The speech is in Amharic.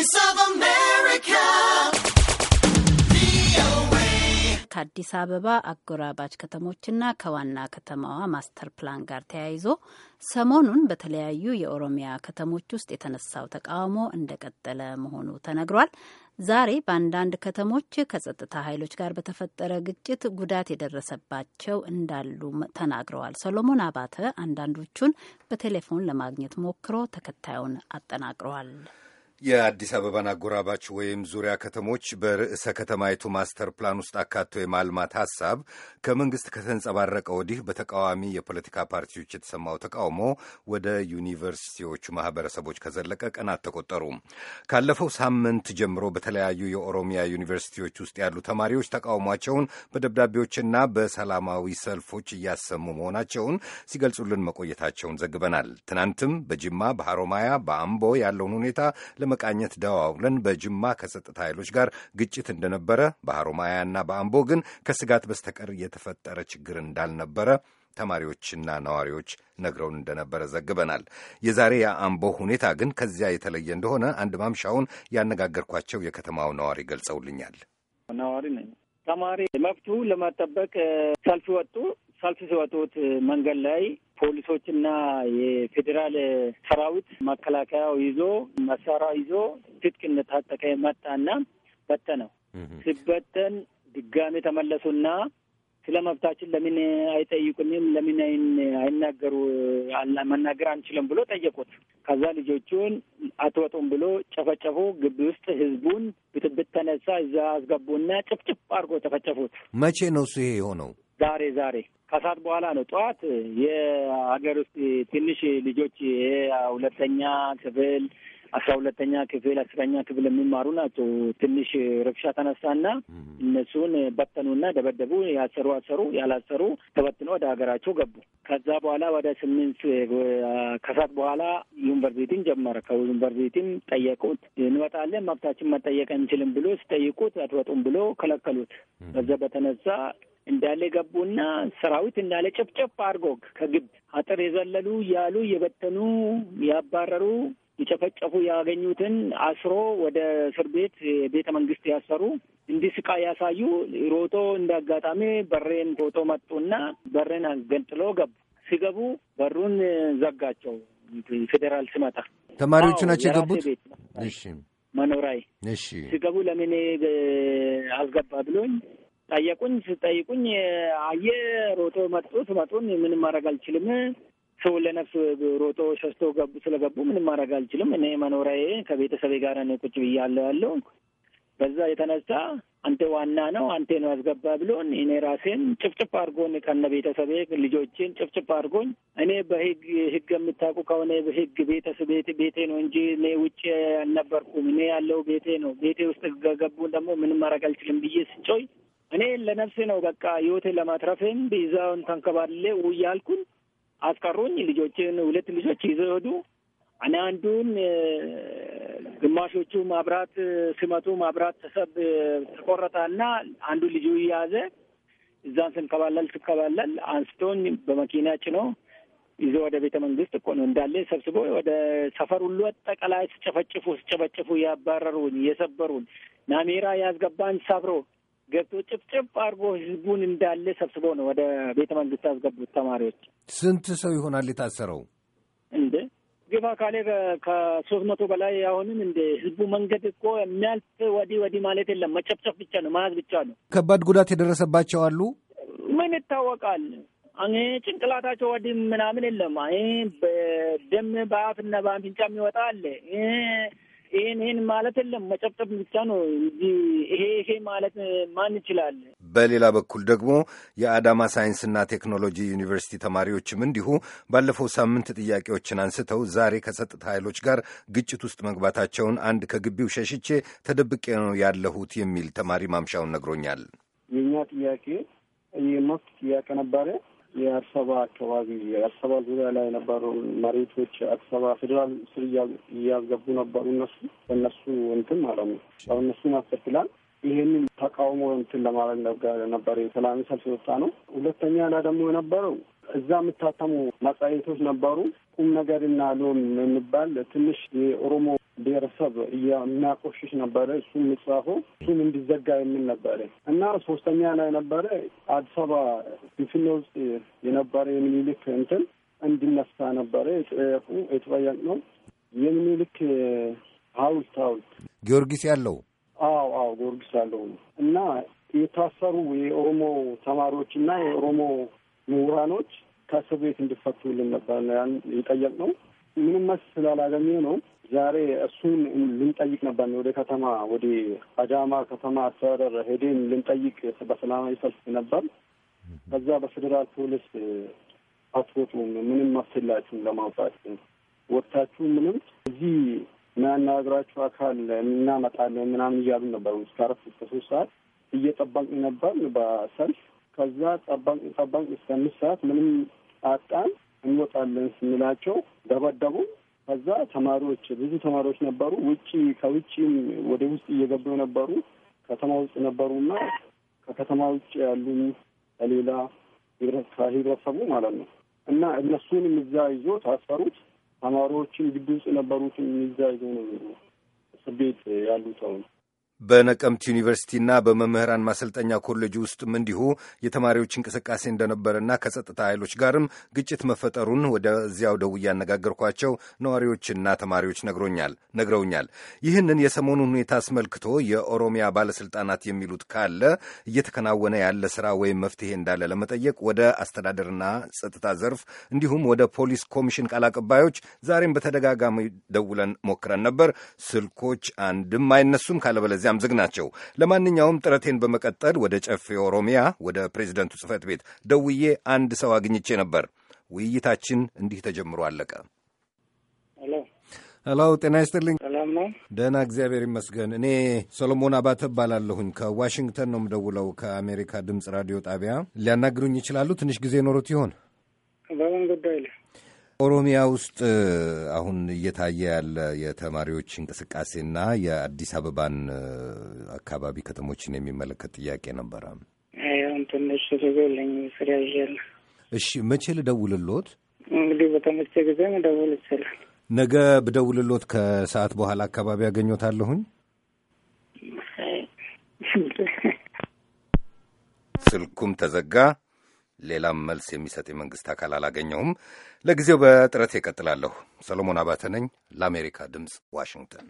Voice ከአዲስ አበባ አጎራባች ከተሞችና ከዋና ከተማዋ ማስተር ፕላን ጋር ተያይዞ ሰሞኑን በተለያዩ የኦሮሚያ ከተሞች ውስጥ የተነሳው ተቃውሞ እንደቀጠለ መሆኑ ተነግሯል። ዛሬ በአንዳንድ ከተሞች ከጸጥታ ኃይሎች ጋር በተፈጠረ ግጭት ጉዳት የደረሰባቸው እንዳሉ ተናግረዋል። ሰሎሞን አባተ አንዳንዶቹን በቴሌፎን ለማግኘት ሞክሮ ተከታዩን አጠናቅረዋል። የአዲስ አበባን አጎራባች ወይም ዙሪያ ከተሞች በርዕሰ ከተማይቱ ማስተር ፕላን ውስጥ አካቶ የማልማት ሐሳብ ከመንግሥት ከተንጸባረቀ ወዲህ በተቃዋሚ የፖለቲካ ፓርቲዎች የተሰማው ተቃውሞ ወደ ዩኒቨርሲቲዎቹ ማኅበረሰቦች ከዘለቀ ቀናት ተቆጠሩ። ካለፈው ሳምንት ጀምሮ በተለያዩ የኦሮሚያ ዩኒቨርሲቲዎች ውስጥ ያሉ ተማሪዎች ተቃውሟቸውን በደብዳቤዎችና በሰላማዊ ሰልፎች እያሰሙ መሆናቸውን ሲገልጹልን መቆየታቸውን ዘግበናል። ትናንትም በጅማ በሐሮማያ፣ በአምቦ ያለውን ሁኔታ መቃኘት ደዋውለን በጅማ ከጸጥታ ኃይሎች ጋር ግጭት እንደነበረ፣ በሐሮማያና በአምቦ ግን ከስጋት በስተቀር የተፈጠረ ችግር እንዳልነበረ ተማሪዎችና ነዋሪዎች ነግረውን እንደነበረ ዘግበናል። የዛሬ የአምቦ ሁኔታ ግን ከዚያ የተለየ እንደሆነ አንድ ማምሻውን ያነጋገርኳቸው የከተማው ነዋሪ ገልጸውልኛል። ነዋሪ ነኝ። ተማሪ መብቱ ለመጠበቅ ሰልፍ ወጡ። ሳልት ዘዋትወት መንገድ ላይ ፖሊሶችና የፌዴራል ሰራዊት መከላከያው ይዞ መሳሪያ ይዞ ትጥቅ እንደታጠቀ መጣና በተነው። ሲበተን ድጋሜ ተመለሱና ስለ መብታችን ለምን አይጠይቁንም? ለምን አይናገሩ መናገር አንችልም ብሎ ጠየቁት። ከዛ ልጆቹን አትወጡም ብሎ ጨፈጨፉ። ግቢ ውስጥ ህዝቡን ብጥብጥ ተነሳ። እዛ አስገቡና ጭፍጭፍ አድርጎ ጨፈጨፉት። መቼ ነው ይሄ የሆነው? ዛሬ ዛሬ ከሰዓት በኋላ ነው። ጠዋት የሀገር ውስጥ ትንሽ ልጆች ሁለተኛ ክፍል አስራ ሁለተኛ ክፍል አስረኛ ክፍል የሚማሩ ናቸው። ትንሽ ረብሻ ተነሳና እነሱን በተኑና ደበደቡ። ያሰሩ አሰሩ፣ ያላሰሩ ተበትኖ ወደ ሀገራቸው ገቡ። ከዛ በኋላ ወደ ስምንት ከሰዓት በኋላ ዩኒቨርሲቲን ጀመረ። ከዩኒቨርሲቲም ጠየቁት። እንወጣለን መብታችን መጠየቅ አንችልም ብሎ ሲጠይቁት አትወጡም ብሎ ከለከሉት። በዛ በተነሳ እንዳለ ገቡና ሰራዊት እንዳለ ጭፍጭፍ አድርጎ ከግብ አጥር የዘለሉ ያሉ የበተኑ ያባረሩ የጨፈጨፉ ያገኙትን አስሮ ወደ እስር ቤት ቤተ መንግስት ያሰሩ እንዲህ ስቃይ ያሳዩ። ሮጦ እንደ አጋጣሚ በሬን ፎቶ መጡና በሬን አገንጥሎ ገቡ። ሲገቡ በሩን ዘጋቸው። ፌዴራል ሲመጣ ተማሪዎቹ ናቸው የገቡት። መኖራይ ሲገቡ ለምን አስገባ ብሎኝ ጠየቁኝ። ስጠይቁኝ አየ ሮጦ መጡ መጡን ምንም ማድረግ አልችልም። ሰው ለነፍስ ሮጦ ሸስቶ ገቡ ስለገቡ ምንም ማድረግ አልችልም። እኔ መኖሪያዬ ከቤተሰቤ ጋር ነው ቁጭ ብያለሁ ያለው። በዛ የተነሳ አንተ ዋና ነው አንተ ነው ያስገባ ብሎን እኔ ራሴን ጭፍጭፍ አድርጎን ከነ ቤተሰቤ ልጆችን ጭፍጭፍ አድርጎኝ እኔ በህግ ህግ የምታውቁ ከሆነ በህግ ቤተሰብ ቤቴ ነው እንጂ እኔ ውጭ አልነበርኩም። እኔ ያለው ቤቴ ነው። ቤቴ ውስጥ ገቡን ደግሞ ምንም ማድረግ አልችልም ብዬ ስጮይ እኔ ለነፍሴ ነው በቃ ህይወቴን ለማትረፌም ቢዛውን ተንከባለ ውያልኩን አስቀሩኝ። ልጆችን ሁለት ልጆች ይዘው ሄዱ። እኔ አንዱን ግማሾቹ ማብራት ሲመቱ ማብራት ተሰብ ተቆረጠ ተቆረጠና አንዱ ልጁ እያያዘ እዛን ስንከባለል ስከባለል አንስቶኝ በመኪና ጭኖ ይዞ ወደ ቤተ መንግስት እኮ ነው እንዳለ ሰብስቦ ወደ ሰፈር ሁሉ አጠቃላይ ስጨፈጭፉ ስጨፈጭፉ ያባረሩን የሰበሩን ናሜራ ያስገባን ሰብሮ ገብቶ ጭፍጭፍ አድርጎ ህዝቡን እንዳለ ሰብስበው ነው ወደ ቤተ መንግስት ያስገቡት ተማሪዎች። ስንት ሰው ይሆናል የታሰረው? እንደ ግፋ ካሌ ከሶስት መቶ በላይ አሁንም እንደ ህዝቡ መንገድ እኮ የሚያልፍ ወዲህ ወዲህ ማለት የለም መጨፍጨፍ ብቻ ነው መያዝ ብቻ ነው። ከባድ ጉዳት የደረሰባቸው አሉ። ምን ይታወቃል? እኔ ጭንቅላታቸው ወዲህ ምናምን የለም። በደም በአፍና በአፍንጫ የሚወጣ አለ ይህን ይህን ማለት የለም መጨብጠብ ብቻ ነው ይሄ ይሄ ማለት ማን ይችላል? በሌላ በኩል ደግሞ የአዳማ ሳይንስና ቴክኖሎጂ ዩኒቨርሲቲ ተማሪዎችም እንዲሁ ባለፈው ሳምንት ጥያቄዎችን አንስተው ዛሬ ከጸጥታ ኃይሎች ጋር ግጭት ውስጥ መግባታቸውን አንድ ከግቢው ሸሽቼ ተደብቄ ነው ያለሁት የሚል ተማሪ ማምሻውን ነግሮኛል። የእኛ ጥያቄ የመብት ጥያቄ ነበረ የአሰባ አካባቢ የአሰባ ዙሪያ ላይ የነበሩ መሬቶች አሰባ ፌዴራል ስር እያስገቡ ነበሩ። እነሱ በእነሱ እንትን ማለት ነው። እነሱን ያስከትላል። ይህንን ተቃውሞ እንትን ለማድረግ ነበር የሰላማዊ ሰልፍ የወጣ ነው። ሁለተኛ ላይ ደግሞ የነበረው እዛ የምታተሙ መጽሔቶች ነበሩ። ቁም ነገርና ሎን የሚባል ትንሽ የኦሮሞ ብሔረሰብ የሚያቆሽሽ ነበረ። እሱ ምጽፉ እሱን እንዲዘጋ የሚል ነበረ እና ሶስተኛ ላይ ነበረ አዲስ አበባ ግንፍሌ ውስጥ የነበረ የምኒልክ እንትን እንዲነሳ ነበረ የጠየቁ የተጠየቅ ነው። የምኒልክ ሀውልት ሀውልት ጊዮርጊስ ያለው አዎ፣ አዎ ጊዮርጊስ ያለው ነው እና የታሰሩ የኦሮሞ ተማሪዎች እና የኦሮሞ ምሁራኖች ከእስር ቤት እንዲፈቱልን ነበር ያን የጠየቅ ነው። ምንም መስ ስላላገኘ ነው ዛሬ እሱን ልንጠይቅ ነበር። ወደ ከተማ ወደ አዳማ ከተማ አስተዳደር ሄደን ልንጠይቅ በሰላማዊ ሰልፍ ነበር። ከዛ በፌዴራል ፖሊስ አትወጡም፣ ምንም አስችላችሁም ለማውጣት ወጥታችሁ ምንም እዚህ የሚያናግራችሁ አካል እናመጣለን ምናምን እያሉ ነበር። እስከ አራት እስከ ሶስት ሰዓት እየጠበቅን ነበር በሰልፍ ከዛ ጠባቅ ጠባቅ እስከ አምስት ሰዓት ምንም አጣን፣ እንወጣለን ስንላቸው ደበደቡ። ከዛ ተማሪዎች ብዙ ተማሪዎች ነበሩ። ውጭ ከውጭም ወደ ውስጥ እየገቡ የነበሩ ከተማ ውጭ ነበሩና ከከተማ ውጭ ያሉ ከሌላ ህብረተሰቡ ማለት ነው እና እነሱንም እዛ ይዞ ታሰሩት። ተማሪዎችን ግቢ ውስጥ የነበሩትን እዛ ይዞ ነው እስር ቤት ያሉት አሁን በነቀምት ዩኒቨርሲቲና በመምህራን ማሰልጠኛ ኮሌጅ ውስጥም እንዲሁ የተማሪዎች እንቅስቃሴ እንደነበረና ከጸጥታ ኃይሎች ጋርም ግጭት መፈጠሩን ወደዚያው ደውዬ ያነጋገርኳቸው ነዋሪዎችና ተማሪዎች ነግሮኛል ነግረውኛል። ይህንን የሰሞኑን ሁኔታ አስመልክቶ የኦሮሚያ ባለስልጣናት የሚሉት ካለ እየተከናወነ ያለ ስራ ወይም መፍትሄ እንዳለ ለመጠየቅ ወደ አስተዳደርና ጸጥታ ዘርፍ እንዲሁም ወደ ፖሊስ ኮሚሽን ቃል አቀባዮች ዛሬም በተደጋጋሚ ደውለን ሞክረን ነበር። ስልኮች አንድም አይነሱም ካለበለዚያ በዚያም ዝግ ናቸው። ለማንኛውም ጥረቴን በመቀጠል ወደ ጨፌ ኦሮሚያ ወደ ፕሬዚደንቱ ጽህፈት ቤት ደውዬ አንድ ሰው አግኝቼ ነበር። ውይይታችን እንዲህ ተጀምሮ አለቀ። ሄሎ፣ ጤና ይስጥልኝ። ሰላም ነው? ደህና እግዚአብሔር ይመስገን። እኔ ሰሎሞን አባተ እባላለሁኝ። ከዋሽንግተን ነው የምደውለው፣ ከአሜሪካ ድምፅ ራዲዮ ጣቢያ። ሊያናግሩኝ ይችላሉ? ትንሽ ጊዜ ኖሮት ይሆን? በምን ጉዳይ ላይ ኦሮሚያ ውስጥ አሁን እየታየ ያለ የተማሪዎች እንቅስቃሴና የአዲስ አበባን አካባቢ ከተሞችን የሚመለከት ጥያቄ ነበረ። ትንሽ ልጎለኝ ስራ እሺ፣ መቼ ልደውልሎት? እንግዲህ በተመቸ ጊዜ መደውል ይችላል። ነገ ብደውልሎት ከሰዓት በኋላ አካባቢ ያገኘታለሁኝ። ስልኩም ተዘጋ። ሌላም መልስ የሚሰጥ የመንግሥት አካል አላገኘሁም። ለጊዜው በጥረት ይቀጥላለሁ። ሰሎሞን አባተ ነኝ ለአሜሪካ ድምፅ ዋሽንግተን።